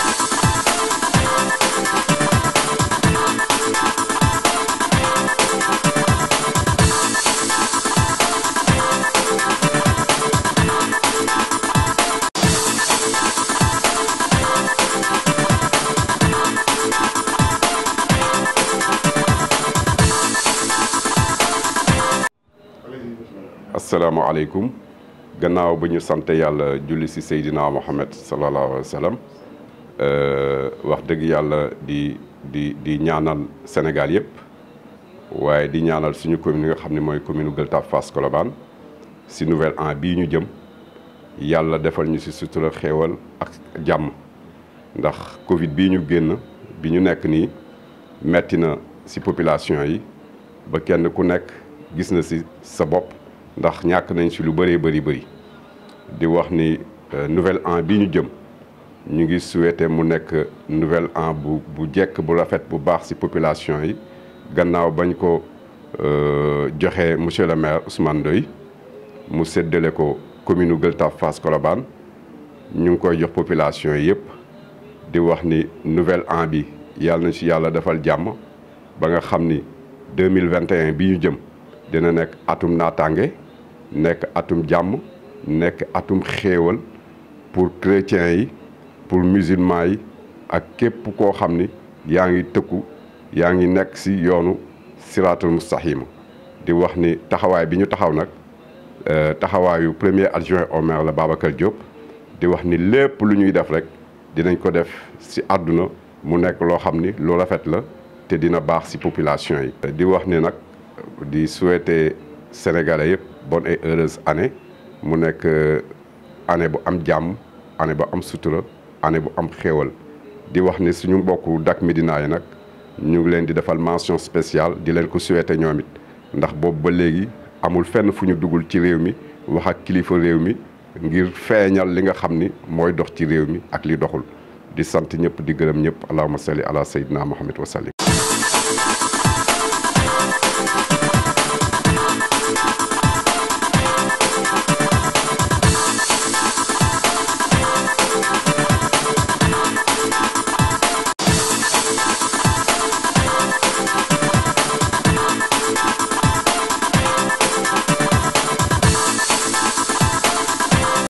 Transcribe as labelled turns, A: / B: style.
A: assalamu asalaamaaleykum gannaaw ba ñu sant yàlla julli ci Seydina Mohamed sallallahu alayhi wa sallam Euh, wax deug yalla di di di ñaanal Sénégal yëpp waye di ñaanal suñu commune nga xamni moy commune Gueule Tapée Fass Colobane si nouvelle an bi ñu jëm yalla defal ñu ci sutura xéewal ak jamm ndax Covid bi ñu génn bi ñu nekk ni metti na si population yi ba kenn ku nekk gis na si sa bopp ndax ñàkk nañ si lu bëree bëri bëri di wax ni euh, nouvelle an bi ñu jëm ñu ngi souhaité mu nekk nouvelle an bu bu jekk bu rafet bu baax ci population yi gannaaw bañ ko euh, joxe monsieur le maire Ousmane Doy mu séddale ko commune Gueule Tapée Fass Colobane ñu koy jox population yi yëpp di wax ni nouvel an bi yàlla na ci yàlla defal ba nga xam 2021 bi ñu jëm dina nekk atum naataange nekk atum jàmm nekk atum xéewal pour chrétiens yi pour musulman yi ak kep ko xamni yaangi tekkou yaangi nek ci yoonu siratul mustahim di wax ni taxaway biñu taxaw nak euh taxawayu premier adjoint au maire la Babacar Diop di wax ni lepp luñuy def rek dinañ ko def ci aduna mu nek lo xamni lo rafet la te dina bax ci population yi. di wax ni nak di souhaiter sénégalais yépp bonne et heureuse année mu nek euh, année bu am jàmm année bu am sutura. année bu am xéewal di wax ni suñu mbokku Dak naa yi nag ñu ngi leen di defal mention spéciale di leen ko souhaiter ñoom it ndax boobu ba léegi amul fenn fu ñu duggul ci réew mi wax ak kilifa réew mi ngir feeñal li nga xam ni mooy dox ci réew mi ak li doxul di sant ñëpp di gërëm ñëpp allahuma salli ala sayyidina muhammad wa sallim